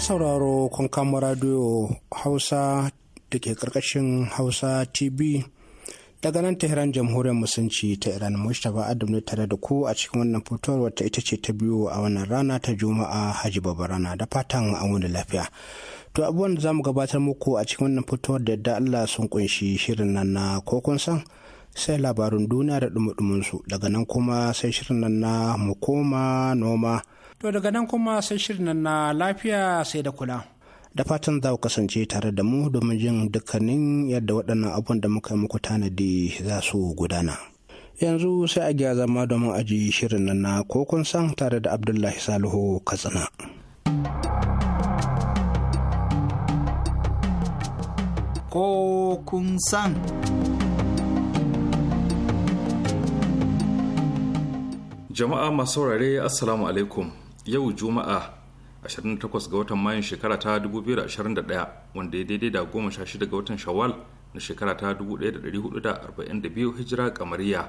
sauraro kun kama radio hausa da ke karkashin hausa tv daga nan tehran jamhuriyar musulunci ta iran mustapha adam ne tare da ku a cikin wannan fitowar wata ita ce ta biyu a wannan rana ta juma'a haji rana da fatan an wani lafiya to abubuwan da zamu gabatar muku a cikin wannan fitowar da yadda allah sun kunshi shirin nan na kokon san sai labarin duniya da dumudumin su daga nan kuma sai shirin nan na mu koma noma to daga nan kuma sai shirin na lafiya sai da kula da fatan za ku kasance tare da mu domin jin dukkanin yadda waɗannan abun da muka yi muku tanadi za su gudana yanzu sai a gya zama domin aji shirin nan na kokon san tare da abdullahi salihu katsina kokun san jama'a masu saurare assalamu alaikum yau juma'a 28 ga watan mayun shekara ta 2021 wanda ya daidai da 16 ga watan shawwal na shekara ta 1442 hijira kamariya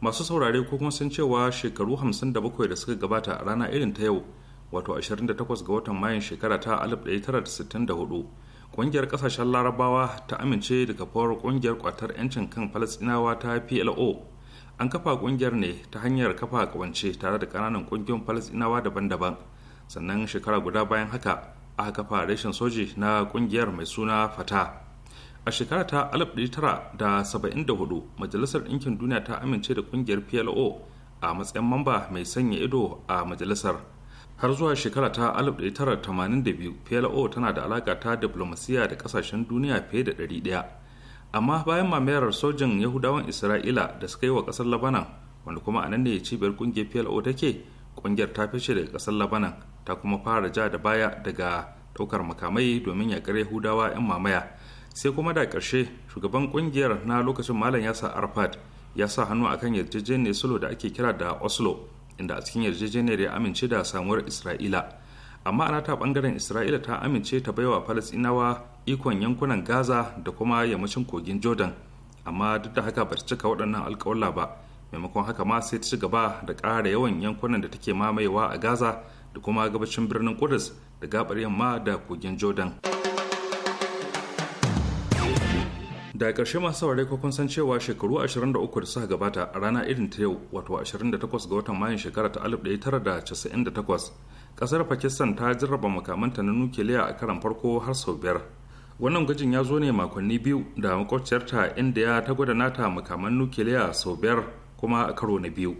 masu saurare ko kuma sun cewa shekaru 57 da suka gabata a rana irin ta yau wato 28 ga watan mayun shekara ta 1964 kungiyar kasashen larabawa ta amince da kafawar kungiyar kwatar 'yancin kan falasdinawa ta plo an kafa kungiyar ne ta hanyar kafa kawance tare da kananan kungiyoyin falasinawa daban-daban sannan shekara guda bayan haka aka kafa reshen soji na kungiyar mai suna fata a shekara ta 1974 majalisar ɗinkin duniya ta amince da kungiyar plo a matsayin mamba mai sanya ido a majalisar har zuwa shekara ta 1982 plo tana da alaka ta diplomasiya da kasashen duniya fiye da 100 amma bayan mamayar sojin yahudawan isra'ila da suka yi wa kasar labanan wanda kuma a nan ne cibiyar kungiyar plo take kungiyar ta fice daga kasar labanan ta kuma fara ja da baya daga daukar makamai domin yakar yahudawa 'yan mamaya sai kuma da karshe shugaban kungiyar na lokacin malam yasa arfad ya sa hannu akan yarjejeniyar sulhu da ake kira da oslo inda a cikin yarjejeniyar ya amince da samuwar isra'ila amma ana ta bangaren isra'ila ta amince ta baiwa falasinawa ikon yankunan gaza da kuma yammacin kogin jordan amma duk da haka ba ta cika waɗannan alkawalla ba maimakon haka ma sai ta ci gaba da ƙara yawan yankunan da take mamayewa a gaza da kuma gabacin birnin kudus da gabar yamma da kogin jordan da ƙarshe masu saurare ko kun san cewa shekaru 23 da suka gabata a rana irin ta yau wato 28 ga watan mayun shekara ta 1998 ƙasar pakistan ta jarraba makamanta na nukiliya a karan farko har sau biyar wannan gwajin ya zo ne makonni biyu da makwabciyarta ya ta gwada nata makaman nukiliya sau biyar kuma a karo na biyu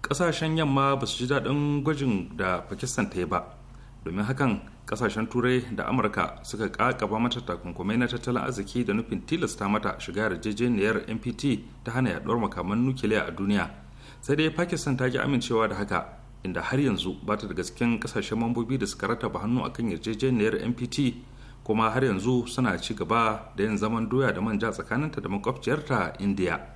kasashen yamma ba su ji daɗin gwajin da pakistan ta yi ba domin hakan kasashen turai da amurka suka kakaba mata takunkumai na tattalin arziki da nufin tilasta mata shiga yarjejeniyar npt ta hana yaɗuwar makaman nukiliya a duniya sai dai pakistan ta ki amincewa da haka inda har yanzu ba ta daga cikin kasashen mambobi da suka rataba hannu akan yarjejeniyar npt kuma har yanzu suna ci gaba da yin zaman doya da manja tsakaninta da makwabciyarta indiya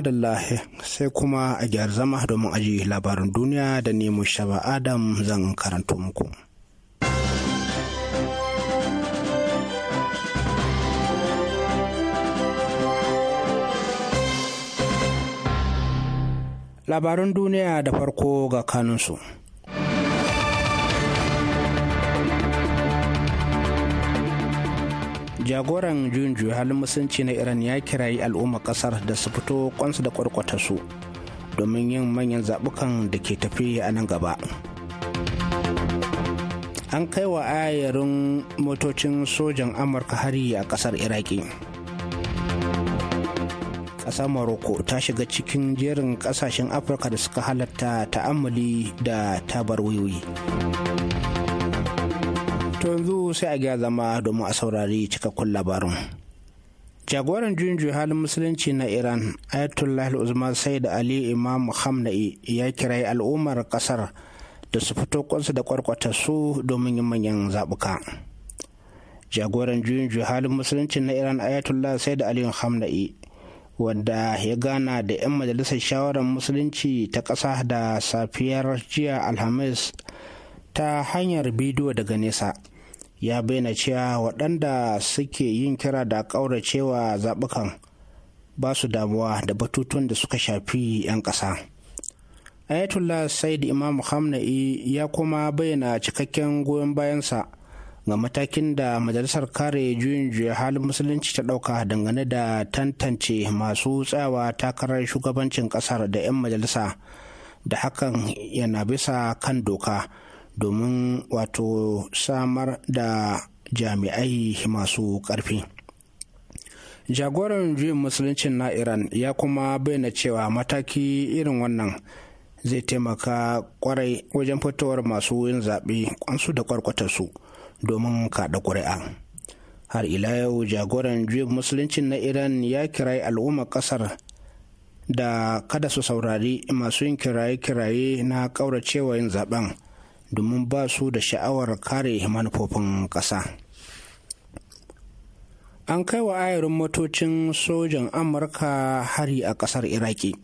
madalla sai kuma a gyar zama domin aji labarin duniya da ni shaba adam zan karanto muku. labaran duniya da farko ga kanunsu. jagoran junju halin musulunci na iran ya kirayi al'umma kasar da su fito kwansu da kwarkwata su domin yin manyan zaɓukan da ke tafi a nan gaba an kai wa ayarin motocin sojan amurka hari a kasar iraki ƙasar morocco ta shiga cikin jerin ƙasashen afirka da suka halatta ta'amali da tabar wiwi To yanzu sai a gaya zama domin a saurari cikakkun labarin. Jagoran juyin halin musulunci na Iran, Ayatollah al-Uzma Said Ali Imam Khamenei ya kirayi al'ummar kasar da su fito kwansu da kwarkwata su domin yin manyan zabuka Jagoran juyin halin musulunci na Iran Ayatollah Said Ali Khamenei wanda ya gana da 'yan majalisar shawarar musulunci ta ƙasa da safiyar jiya Alhamis ta hanyar bidiyo daga nesa ya bayyana cewa waɗanda suke yin kira da ƙauracewa zaɓukan ba su damuwa da batutun da suka shafi 'yan ƙasa. ayatollah said imam hamna'i ya kuma bayyana cikakken goyon bayansa ga matakin da majalisar kare juyin juya halin musulunci ta ɗauka dangane da tantance masu tsayawa takarar shugabancin ƙasar da 'yan majalisa da hakan yana bisa kan doka. domin wato samar da jami'ai masu ƙarfi jagoran juyin musuluncin na iran ya kuma bayyana cewa mataki irin wannan zai taimaka kwarai wajen fitowar masu yin zaɓe kwansu da kwarkwatarsu domin kaɗa ƙuri'a har ila yau jagoran juyin musuluncin na iran ya kirayi al'ummar ƙasar da kada su saurari masu yin kiraye-kiraye na ƙauracewa yin zaɓen domin ba su da sha'awar kare manufofin ƙasa an kai wa ayarin motocin sojan amurka hari a ƙasar iraki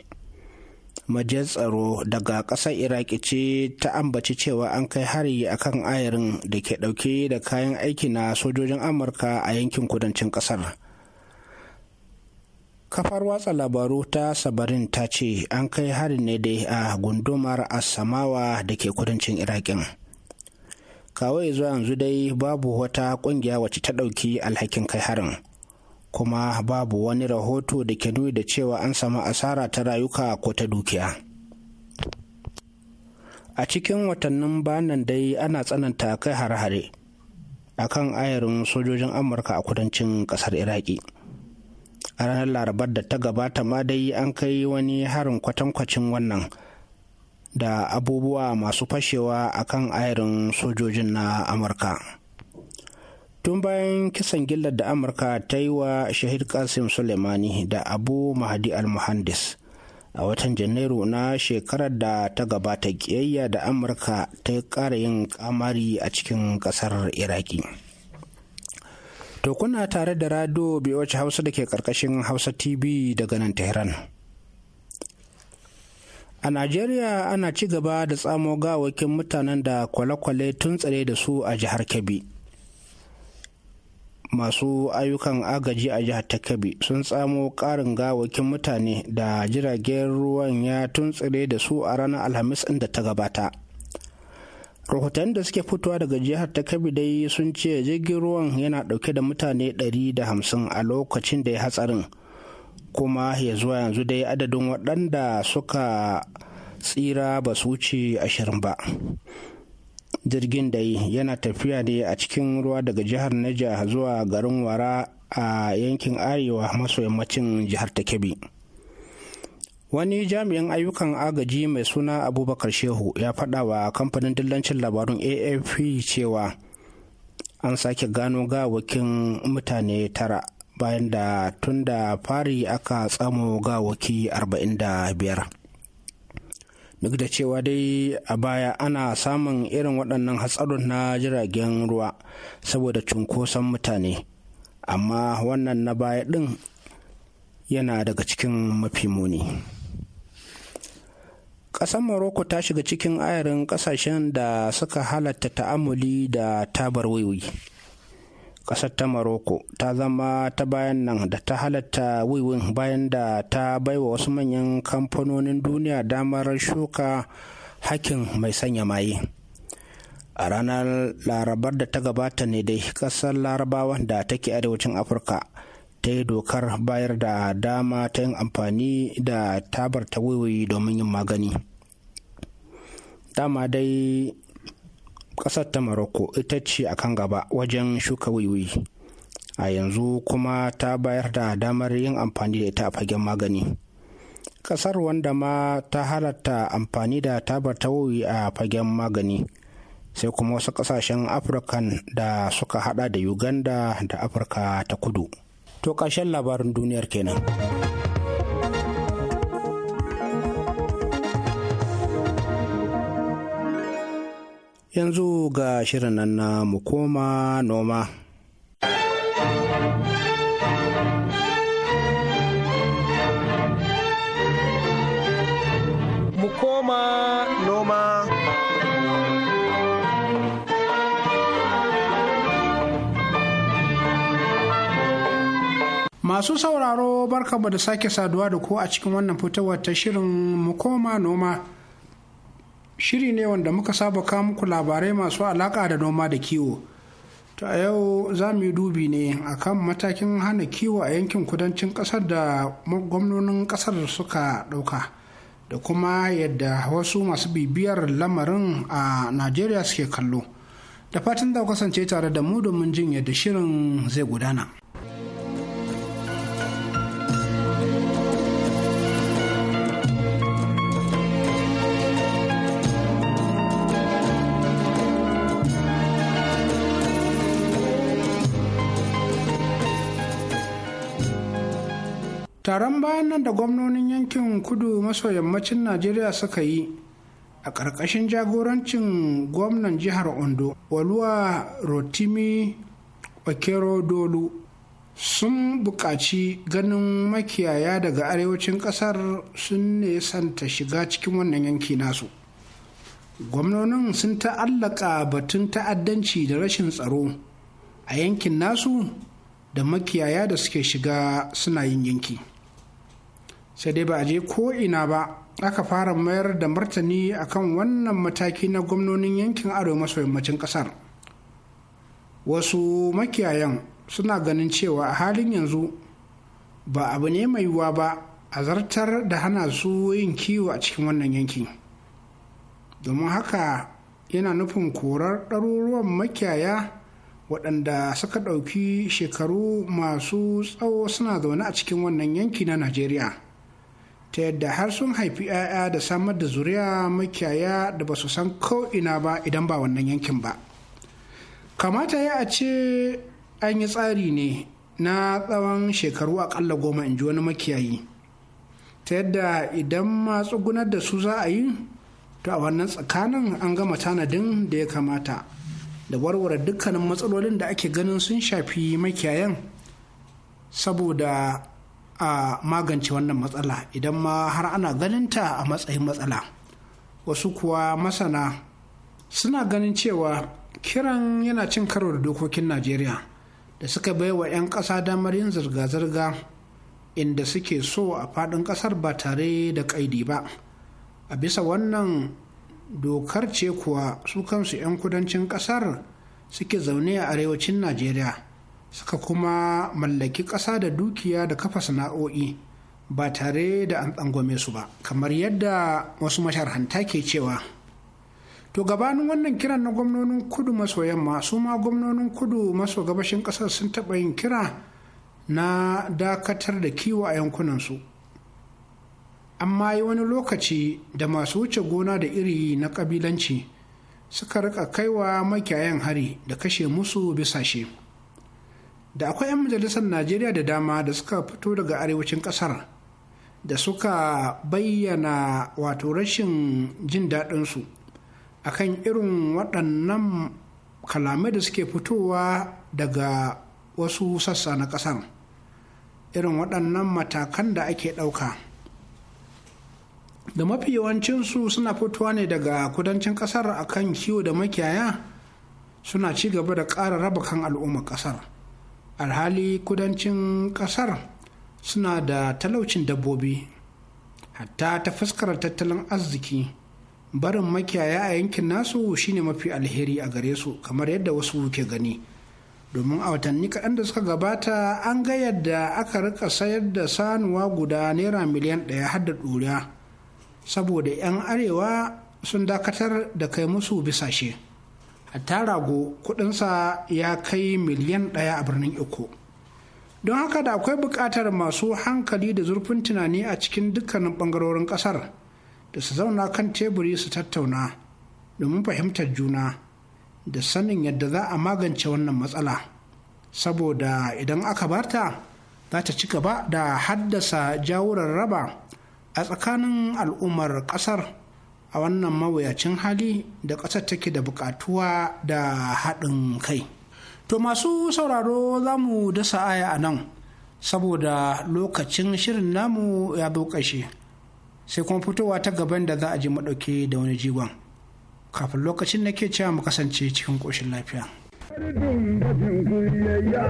majiyar tsaro daga ƙasar iraki ce ta ambaci cewa an kai hari akan ayarin da ke ɗauke da kayan aiki na sojojin amurka a yankin kudancin ƙasar kafar watsa labaru ta sabarin ta ce an kai harin ne dai a gundumar asamawa da ke kudancin iraƙin kawai zuwa yanzu dai babu wata ƙungiya wacce ta ɗauki alhakin kai harin kuma babu wani rahoto da ke nuni da cewa an samu asara ta rayuka ko ta dukiya a cikin watannin banan dai ana tsananta kai hare-hare kan ayarin sojojin amurka a kudancin ƙasar iraki a ranar larabar da ta gabata ma dai an kai wani harin kwatankwacin wannan da abubuwa masu fashewa a kan ayarin sojojin na amurka tun bayan kisan gillar da amurka ta yi wa shahid kasim suleimani da abu mahadi al-muhandis a watan janairu na shekarar da ta gabata kiyayya da amurka ta ƙara yin kamari a cikin ƙasar iraki To kuna tare da radio wace Hausa da ke karkashin Hausa TV daga nan Tehran. A Najeriya ana ci gaba da tsamo gawakin mutanen da kwale-kwale tun tsare da su a jihar Kebbi. Masu ayyukan agaji a jihar ta Kebbi sun tsamo ƙarin gawakin mutane da jiragen ruwan ya tuntsire da su a ranar Alhamis inda ta gabata. rahoton da suke fitowa daga jihar ta kabi dai sun ce jirgin ruwan yana dauke da mutane 150 a lokacin da ya hatsarin kuma ya zuwa yanzu dai adadin waɗanda suka tsira ba su wuce ashirin ba jirgin dai yana tafiya ne a cikin ruwa daga jihar Niger zuwa garin wara a yankin arewa maso yammacin jihar ta kebbi wani jami'in ayyukan agaji mai suna abubakar shehu ya faɗa wa kamfanin dillancin labarun afp cewa an sake gano gawakin mutane tara bayan da tun da fari aka tsamo gawaki 45 duk da cewa dai a baya ana samun irin waɗannan hatsarin na jiragen ruwa saboda cunkoson mutane amma wannan na baya ɗin yana daga cikin mafi muni. ƙasar morocco ta shiga cikin ayarin ƙasashen da suka halatta ta'amuli da tabar wiwi ƙasar ta morocco ta zama ta bayan nan da ta halatta wiwin bayan da ta baiwa wasu manyan kamfanonin duniya damar shuka hakin mai sanya maye a ranar larabar da ta gabata ne dai ƙasar larabawa da take arewacin afirka ta yi dokar bayar da dama ta yin amfani da tabar ta domin yin magani dama dai ƙasar ta maroko ita ce a kan gaba wajen shuka wiwi a yanzu kuma ta bayar da damar yin amfani da ita a fagen magani kasar wanda ma ta halatta amfani da tabar wiwi a fagen magani sai kuma wasu ƙasashen afirkan da suka hada da uganda da afirka ta kudu to ƙarshen labarin duniyar kenan. yanzu ga shirin nan na mu koma noma Masu sauraro barka da sake saduwa da ku a cikin wannan fitowar ta shirin mukoma noma. Shiri ne wanda muka saba kawo muku labarai masu alaka da noma da kiwo. To a yau za mu yi dubi ne akan matakin hana kiwo a yankin kudancin kasar da gwamnonin ƙasar suka ɗauka. Da kuma yadda wasu masu bibiyar lamarin a Najeriya suke kallo. Da fatan za kasance tare da mu domin jin yadda shirin zai gudana. taron bayan nan da gwamnonin yankin kudu maso yammacin najeriya suka yi a ƙarƙashin jagorancin gwamnan jihar ondo waluwa rotimi okero dolu sun buƙaci ganin makiyaya daga arewacin ƙasar sun ne santa shiga cikin wannan yanki nasu gwamnonin sun ta'allaka batun ta'addanci da rashin tsaro a yankin nasu da makiyaya da suke shiga suna yin yanki. sai dai ba a je ko ina ba aka fara mayar da martani akan wannan mataki na gwamnonin yankin arewa maso yammacin kasar wasu makiyayan suna ganin cewa a halin yanzu ba abu ne mai yiwuwa ba a zartar da hana su yin kiwo a cikin wannan yankin domin haka yana nufin korar ɗaruruwan makiyaya waɗanda suka ɗauki shekaru masu tsawo suna zaune a cikin wannan yanki na najeriya ta yadda har sun haifi 'ya'ya da samar da zuriya makiyaya da ba su san ko'ina ba idan ba wannan yankin ba kamata ya a ce an yi tsari ne na tsawon shekaru akalla goma in ji wani makiyayi ta yadda idan ma tsugunar da su za a yi to a wannan tsakanin an gama tanadin da ya kamata da warware dukkanin matsalolin da ake ganin sun shafi makiyayan saboda a magance wannan matsala idan ma har ana ganinta a matsayin matsala wasu kuwa masana suna ganin cewa kiran yana cin karo da dokokin najeriya da suka bai wa 'yan ƙasa damar yin zirga-zirga inda suke so a faɗin ƙasar ba tare da ƙaidi ba a bisa wannan dokar ce kuwa su kansu 'yan kudancin ƙasar suke zaune a arewacin najeriya suka kuma mallaki ƙasa da dukiya da kafa sana'o'i ba tare da an tsangwame su ba kamar yadda wasu masharhanta ke cewa to gabanin wannan kiran na gwamnonin kudu maso yamma su ma gwamnonin kudu maso gabashin ƙasar sun taɓa yin kira na dakatar da kiwo a yankunansu amma yi wani lokaci da masu wuce gona da iri na ƙabilanci suka rika kaiwa makiyayan hari da kashe musu bisa shi. da akwai 'yan majalisar najeriya da dama da suka fito daga arewacin kasar da suka bayyana wato rashin jin daɗinsu akan irin waɗannan kalamai da suke fitowa daga wasu sassa na ƙasar irin waɗannan matakan da ake ɗauka da mafi yawancinsu suna fitowa ne daga kudancin ƙasar akan kiwo da makiyaya suna ci gaba da ƙara raba kan al'ummar ƙasar alhali kudancin kasar suna da talaucin dabbobi hatta ta fuskar tattalin arziki barin makiyaya a yankin nasu shine mafi alheri a gare su kamar yadda wasu ke gani domin a watanni kaɗan da suka gabata an ga yadda aka rika sayar da sanuwa guda naira miliyan ɗaya har da ɗuriya saboda 'yan arewa sun dakatar da kai musu bisashe. hatta rago kudinsa ya kai miliyan ɗaya a birnin iko don haka da akwai buƙatar masu hankali da zurfin tunani a cikin dukkanin ɓangarorin ƙasar da su zauna kan teburi su tattauna domin fahimtar juna da sanin yadda za a magance wannan matsala saboda idan aka barta za ta ci gaba da haddasa jawurar raba a tsakanin al'ummar ƙasar a wannan mawuyacin hali da ƙasar take da buƙatuwa da haɗin kai to masu sauraro za mu dasa aya a nan saboda lokacin shirin namu ya zo ƙashe sai kuma fitowa ta gaban da za a ji maɗauke da wani jigon kafin lokacin na nake cewa mu kasance cikin ƙoshin lafiya. Dari dum kuliyayya ya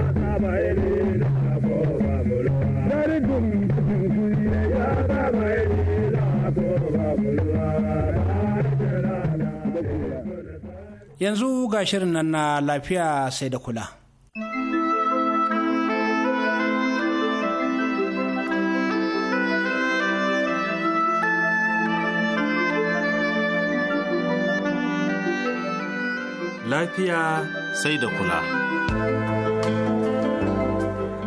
Yanzu ga shirin nan na lafiya sai da kula. Lafiya sai da kula.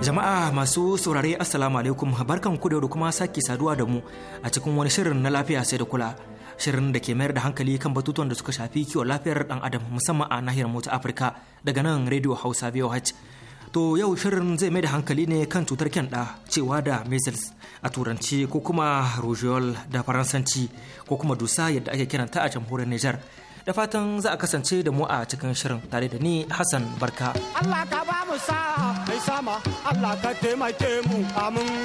Jama'a masu saurare Assalamu alaikum barkan ku da kuma sake saduwa da mu a cikin wani shirin na lafiya sai da kula. Shirin da ke mayar da hankali kan batutuwan da suka shafi kiwon lafiyar dan adam musamman a nahiyar mu ta Afirka daga nan Radio Hausa VOH. To yau shirin zai mai da hankali ne kan cutar kyanda cewa da measles a turanci ko kuma rougeole da faransanci ko kuma dusa yadda ake kiranta a jamhuriyar Nijar. da fatan za a kasance da mu a cikin shirin tare da ni Hassan Barka. Allah ka ba mu mai sama Allah ka taimake mu amin.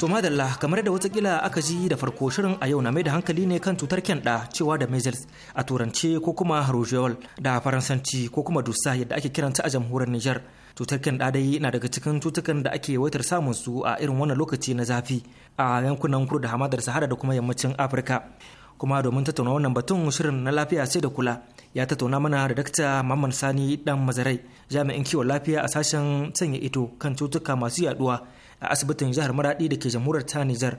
To madalla kamar da watakila aka ji da farko shirin a yau na mai da hankali ne kan cutar kyanda cewa da measles a turance ko kuma rougeole da faransanci ko kuma dusa yadda ake kiranta a jamhuriyar Nijar. Cutar kyanda dai na daga cikin cutukan da ake waitar samun su a irin wannan lokaci na zafi a yankunan kudu da hamadar Sahara da kuma yammacin Afirka. kuma domin tattauna wannan batun shirin na lafiya sai da kula ya tattauna mana da dakta mamman sani dan mazarai jami'in kiwon lafiya a sashen sanya ito kan cutuka masu yaduwa a asibitin jihar maradi da ke jamhuriyar ta nijar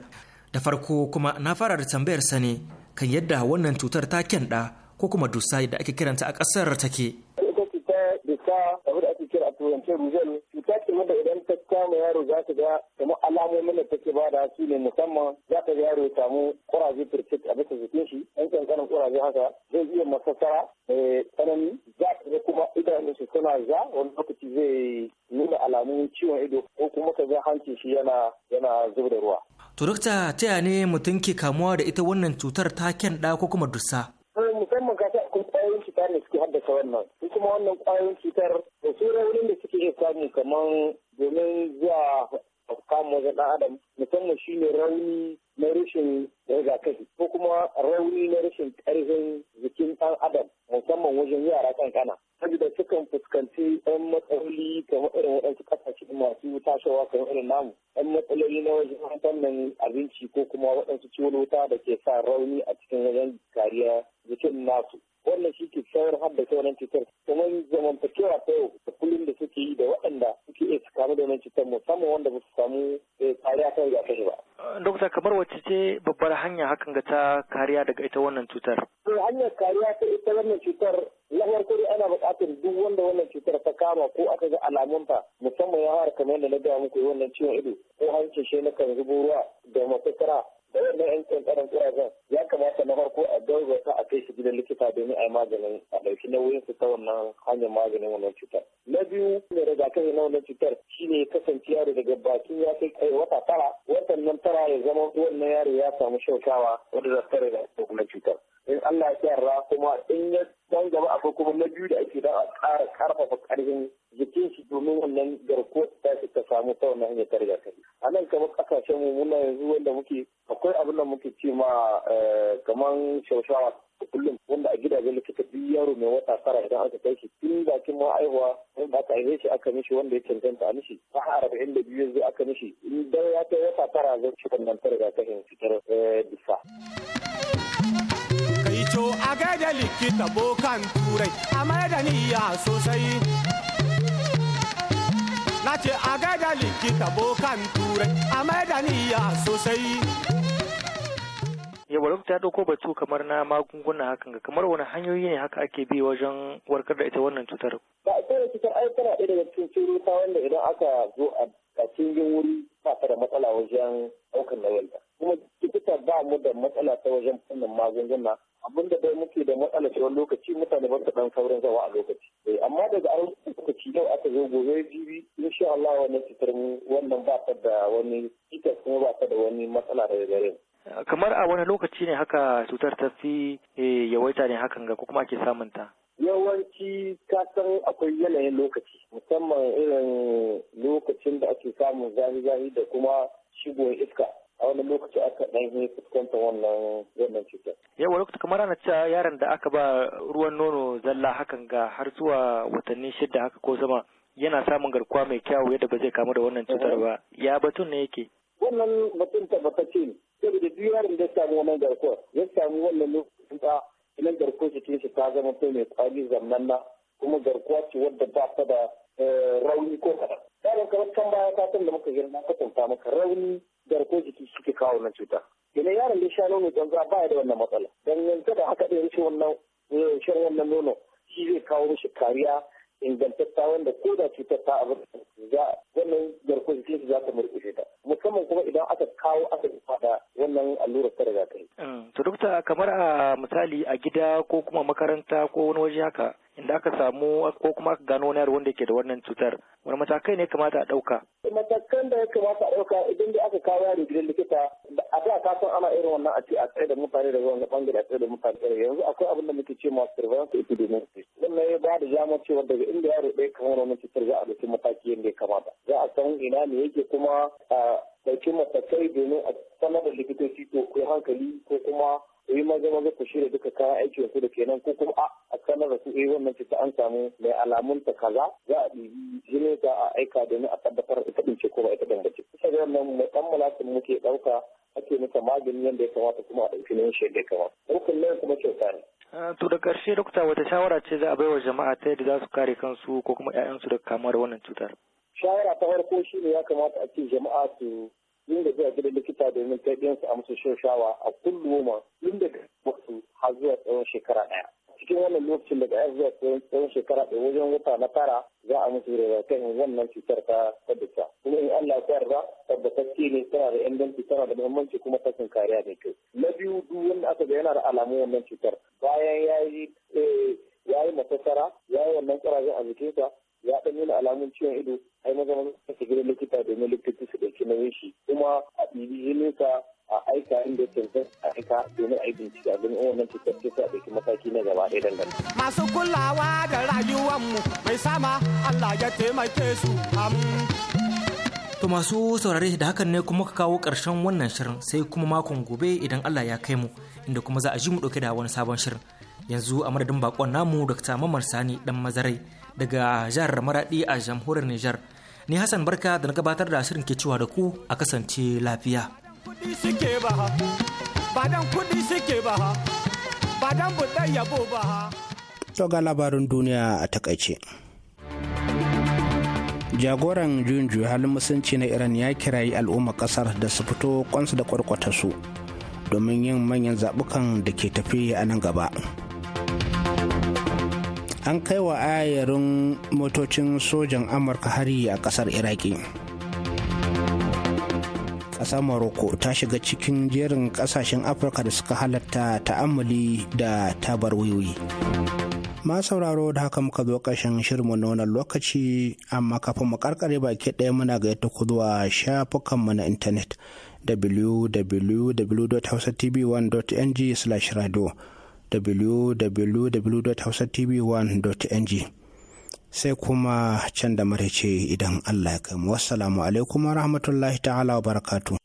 da farko kuma na fara da tambayar sa ne kan yadda wannan cutar ta kyanda ko kuma dusa da ake kiranta a kasar take ita ce ta dusa da ake kira a turance cuta ce idan ta kama yaro za ta ga kamar alamomin da take ba da su ne musamman za ta ga yaro ya samu kuraje firfit a bisa jikin shi ɗan kankanin kuraje haka zai iya masasara eh, tsanani za ta ga kuma idanun su suna za wani lokaci zai nuna alamun ciwon ido ko kuma ka ga hancin shi yana yana zub da ruwa. To dokta ta ne mutum ke kamuwa da ita wannan cutar ta kyan ɗa ko kuma dussa? cuta ne suke haddasa wannan su kuma wannan kwayoyin cutar da su raunin da suke iya samu kamar domin zuwa kamun wajen ɗan adam musamman shi ne rauni na rashin rigakafi ko kuma rauni na rashin ƙarfin jikin ɗan adam musamman wajen yara kankana saboda sukan fuskanci ɗan matsaloli kamar irin waɗansu ƙasashe masu tashawa kamar irin namu ɗan matsaloli na wajen fannin abinci ko kuma waɗansu ciwon wuta da ke sa rauni a cikin wajen kariya jikin nasu wannan shi ke da haddasa wannan cutar kuma zamantakewa ta yau da kullum da suke yi da waɗanda suke iya su kamu da wannan cutar musamman wanda ba samu eh, kariya kan rigakafi ba. Dokta kamar wacce ce babbar hanya hakan ga ta kariya daga ita wannan cutar? To hanyar kariya ta ita wannan cutar na farko dai ana buƙatar duk wanda wannan cutar ta kama ko aka ga alamunta musamman ya fara kamar yadda na gaya muku wannan ciwon ido ko hancin shi na kan zubo ruwa da mafitara da wannan yan kankanin kurajen ya kamata na farko a ta a kai shi gidan likita domin a yi maganin a ɗauki nauyin su ta wannan hanyar maganin wannan cutar. Na biyu ne nawa na wannan cutar ne kasance yaro daga bakin ya kai kai wata tara watan nan tara ya zama wannan yaro ya samu shaukawa wanda za ta riga wannan cutar. in Allah ya ra kuma in ya dan gaba akwai kuma na biyu da ake da a ƙara karfafa ƙarfin jikin shi domin wannan garko ta ta samu ta wannan hanyar targa kai a nan kamar ƙasashen mu muna yanzu wanda muke akwai abin da muke ce ma eh, kaman shaushawa kullum wanda a gidajen likita duk yaro mai wata tara idan aka kai shi tun bakin ma aihuwa in ba aka aihe shi aka mishi wanda ya cancanta a mishi ba a arba'in da biyu yanzu aka mishi in dai ya kai wata tara zai ci wannan targa kai fitar eh, turai a mai da sosai na ce a gaida likita bokan turai a mai da niyya sosai yawa ta dauko batu kamar na magunguna hakan ga kamar wani hanyoyi ne haka ake bi wajen warkar da ita wannan cutar ba a kare cutar ai tana daga cikin ta wanda idan aka zo a kacin wuri ba ta da matsala wajen ɗaukar nauyinta kuma likita ba mu da matsala ta wajen fannin magunguna abinda dai muke da matsala ta wani lokaci mutane ba su dan saurin zawa a lokaci eh, amma daga an lokaci yau aka zo gobe jibi insha Allah wannan cutar wannan ba ta da wani cutar kuma ba ta da wani matsala da gare kamar a wani lokaci ne haka cutar ta fi eh, yawaita ne hakan ga ko kuma ake samun ta yawanci kasan akwai yanayin lokaci musamman irin lokacin da ake samun zafi-zafi da kuma shigowar iska a wani lokaci aka ɗan yi fuskantar wannan wannan cutar. Yawa lokaci kamar ana cewa yaron da aka ba ruwan nono zalla hakan ga har zuwa watanni shida haka ko zama yana samun garkuwa mai kyau, yadda ba zai kamu da wannan cutar ba ya batun ne yake. Wannan batun tabbatacce ne saboda duk yaron da ya samu wannan garkuwa ya samu wannan lokacin da idan garkuwar jikin shi ta zama to mai kwari zamnan kuma garkuwa ci wadda ba ta da eh, rauni ko kaɗan. Yaron kamar can baya ta da muka girma ka tunta maka rauni garkuwar jiki suke kawo na cuta. ina yaron da sha nono don za ba da wannan matsala. Dan yanzu da haka ɗaya rashin wannan eh, shan wannan nono shi zai kawo mishi kariya ingantattawan wanda ko da cutar ta abin za wannan garkuwar jikin su za ta shi ta musamman kuma idan aka kawo aka fada wannan allurar ta kai. Mm. to dokta kamar a misali a gida ko kuma makaranta ko wani waje haka inda aka samu ko kuma aka gano wani wanda ke da wannan cutar wani matakai ne kamata a ɗauka. matakan da ya kamata a ɗauka idan da aka kawo yaro gidan likita a da ka san ana irin wannan a ce a tsaye da mutane da wani bangare a tsaye da mutane yanzu akwai abin da muke ce ma surveillance epidemiology wannan ya ba da dama cewa daga inda yaro ɗaya kamar wani cutar za a ɗauki mataki yadda ya kamata za a san ina ne yake kuma a ɗauki matakai domin a sanar da likitoci ko hankali ko kuma ku yi maza maza ku shirya duka kayan aikin ku da kenan ko kuma a a sanar da ku eh wannan cuta an samu mai alamun ta kaza za a ɗibi jini a aika domin a tabbatar ita ɗin ko ba ita ɗin ba ce. Kusa da wannan mai ɗan mulatin muke ɗauka ake mata magani yadda ya kamata kuma a ɗauki nan shi yadda ya kamata. Rukun nan kuma kyauta ne. Ah, to da ƙarshe dokta wata shawara ce za a baiwa jama'a ta yadda za su kare kansu ko kuma 'ya'yansu daga kamuwa da wannan cutar. Shawara ta farko shi ne ya kamata a ce jama'a su dinga zuwa gidan likita domin kai ɗiyansu a musu shoshawa a kullum tun daga wasu har zuwa tsawon shekara ɗaya. cikin wannan lokacin daga yan zuwa tsawon shekara ɗaya wajen wata na tara za a musu rigakafin wannan cutar ta tabbata kuma in Allah ya yarda tabbatacce ne tana da inganci tana da muhimmanci kuma ta kariya mai kyau na biyu duk wanda aka ga yana da alamun wannan cutar bayan ya yi eh, ya yi matasara ya yi wannan kurajen a jikinsa ya ɗan nuna alamun ciwon ido ai maza maza ka shiga gidan likita domin likita su ɗauki nauyin shi kuma a ɗibi jininsa a aika inda ya a aika domin a yi don in wannan cutar ce a ɗauki mataki na gaba ɗaya dangan. Masu kulawa da rayuwanmu mai sama Allah ya taimake su To masu saurare da hakan ne kuma ka kawo ƙarshen wannan shirin sai kuma makon gobe idan Allah ya kai mu inda kuma za a ji mu ɗauke da wani sabon shirin. Yanzu a madadin bakon namu Dr. Mamar Sani dan Mazarai daga jihar Maradi a jamhuriyar Nijar. Ni Hassan Barka da na gabatar da shirin ke cewa da ku a kasance lafiya. To labarin duniya a takaice. Jagoran juyin halin musulunci na Iran ya kirayi al'ummar kasar da su fito kwansu da kwarkwata su domin yin manyan zaɓukan da ke tafi a nan gaba. an kai wa ayarin motocin sojan amurka hari a kasar iraki ƙasa morocco ta shiga cikin jerin ƙasashen afirka da suka halatta ta'amuli da tabar wiwi ma sauraro da haka muka zo ƙarshen shirinmu na wannan lokaci amma kafin mu karkare baki ɗaya muna ga yadda ku zuwa shafukanmu na intanet www.hausatv1.ng/radio www.hausatv1.ng sai kuma can da marice idan Allah ya kai mu wassalamu alaikum wa rahmatullahi ta'ala wa barakatu.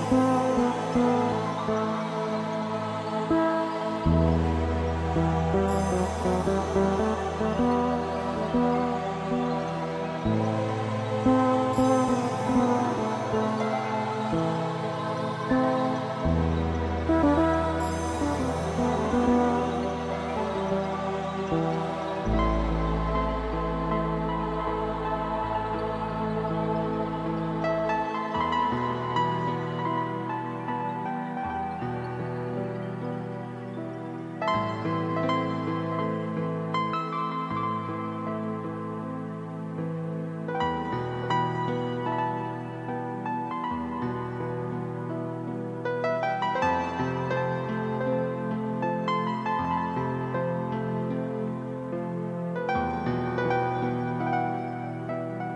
Música